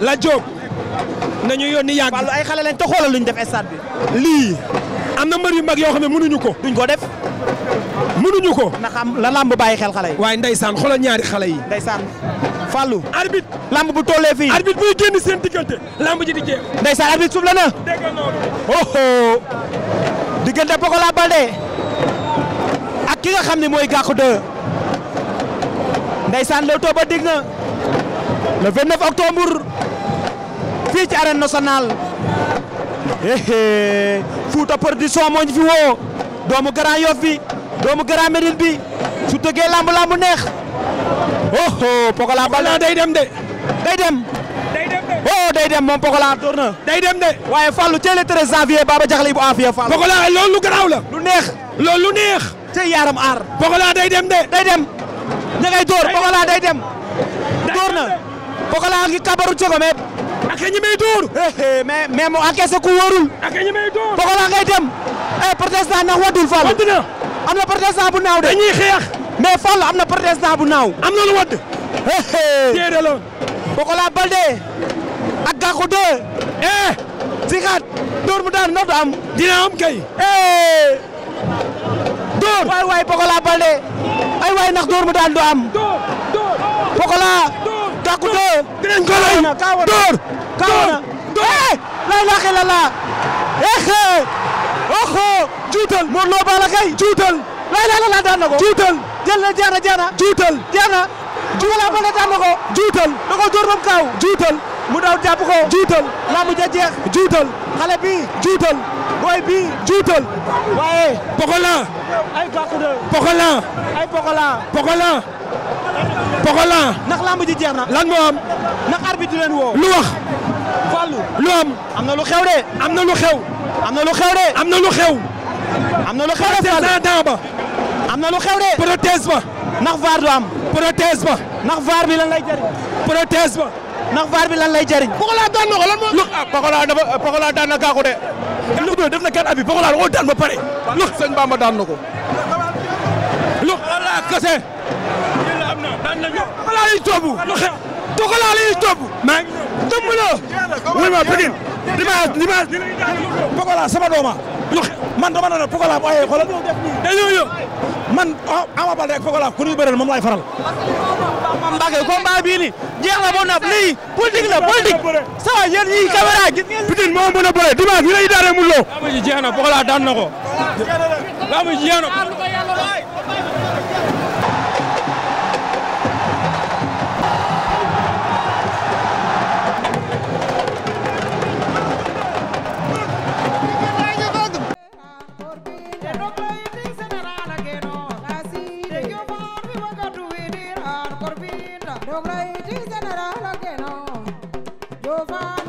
la Diop nañu yónni yàgg. wàllu ay xale lañ luñ def stade bi. lii am na mbër yu mag yoo xam ne mënuñu ko. duñ ko def. mënuñu ko. na xam la lamb bàyyi xel xale yi. waaye ndeysaan xoolal ñaari xale yi. ndeysaan Fallou. arbitre lamb bu tollee fii. arbitre buy génn seen diggante. lamb ji di jeex. ndeysaan arbitre suuf la na. dégg nga noonu. ak ki nga xam ni mooy Gackou 2 ndeysaan Leewtoo ba dig na le 29 octobre fii ci arène nationale Fouta Production moo fi woo doomu Grand Yoff doomu Grand Médine bi su tëggee lamb neex. oh oh Pokola Baldé day dem de. day dem. day de oh day dem moom Pokola door na. day dem de waaye Fallou tey le 13 janvier Baba Diakhal bu Afia Fallou. Pokola loolu lu garaaw la. lu neex. loolu lu neex. tey yaaram aar. Pokola day dem de. day dem ña door Pokola day dem. door na Pokola ngi kabaru cogomeet. ak eh, eh, mu encaissé ku wóorul. ak ñi dem. ay eh, protestant ndax waddul Fallou am na protestant bu naaw de. dañuy xeex. am na protestant bu naaw. am na lu wadd. téere la. Pokola ak Gackou 2. eh. Sikaat mu daan noo am. dina am kay. Dóor waay waay Pokola Balde ay waay ndax Dóor mu daan du am. Dóor Dóor Pokola. Dóor Gackou 2. dinañ ko lay Dóor oxo juutal Modou Lo Balla Gaye juutal lay lay la la daan juutal jël na jaana juutal jaana juutal juutal mu daw jàpp ko juutal laa ja jeex juutal xale bi juutal booy bi juutal waaye pokolan ay gàkku de pokolan ay pokolan pokolan pokolan ndax ji jeex lan moo am ndax arbitre leen woo lu lu am am na lu xew de am na lu xew am na lu xew de am na lu xew am na lu xew de président ba am na lu xew de protège ba ndax vaar du am protège ba ndax vaar bi lan lay jëriñ protège ba ndax vaar bi lan lay jëriñ Pokola daan na ko lan moo lu ah, Pokola dafa Pokola daan na Gackou de lu def na kat abi Pokola ko daan ba pare lu sëñ Bamba daan na ko lu ala kese daan na ñu Pokola lay topp lu xew Pokola lay topp non Pikine dimanche dimanche Pokola dooma man dama ne Pokola bu ayee xoolal man ah, Ama Baldé ak Pokola ku ñuy bëreel moom faral mam Mbacke combat bii jeex na ba nopp lii politique la politique sa waay yéen ñii caméra gis ngeen Pikine moo mën a bëre dimanche mu loo Nucleity General Geno Jova